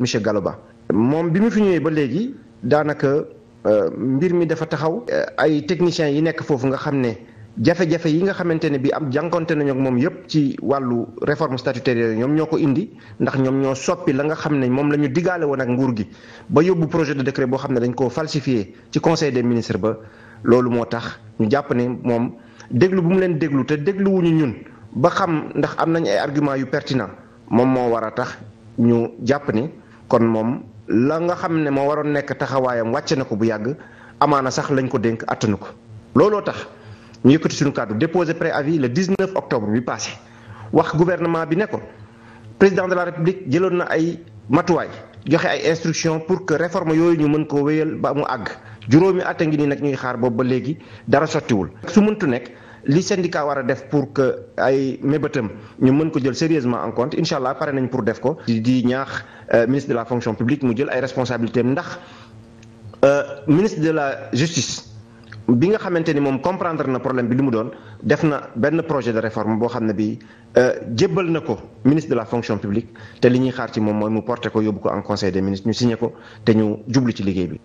monsieur Gallo Ba moom bi mu fi ñëwee ba léegi daanaka euh, mbir mi dafa taxaw. Euh, ay techniciens yi nekk foofu nga xam ne jafe-jafe yi nga xamante ne bi am jànkonte nañu ak moom yëpp ci wàllu réforme statutaire yooyu ñoom ñoo ko indi ndax ñoom ñoo soppi la nga xam ne moom la ñu digaale woon ak nguur gi ba yóbbu projet de décret boo xam ne dañ koo falsifié ci conseil des ministres ba loolu moo tax ñu jàpp ne moom déglu bu mu leen déglu te dégluwuñu ñun ba xam ndax ay arguments yu pertinent moom ñu jàpp ni kon moom la nga xam ne moo waroon nekk taxawaayam wàcc na ko bu yàgg amaana sax lañ ko dénk attanu ko looloo tax ñu yëkkati suñu kàddu déposé préavis le 19 octobre bi passé wax gouvernement bi ne président de la république jëloon na ay matuwaay joxe ay instruction pour que réforme yooyu ñu mën ko wéyal ba mu àgg juróomi at ngi nii nag ñuy xaar boobu ba léegi dara sottiwul su mëntu nekk li syndicat war a def pour que ay mébétam ñu mën ko jël sérieusement en compte incha allah pare nañ pour def ko di ñaax euh, ministre de la fonction publique mu jël ay responsabilités ndax euh, ministre de la justice bi nga xamante ni moom comprendre na problème bi li mu doon def na benn projet de réforme boo xam ne bii euh, jébbal na ko ministre de la fonction publique te li ñuy xaar ci moom mooy mu porter ko yóbbu ko en conseil des ministres ñu signé ko te ñu jublu ci liggéey bi.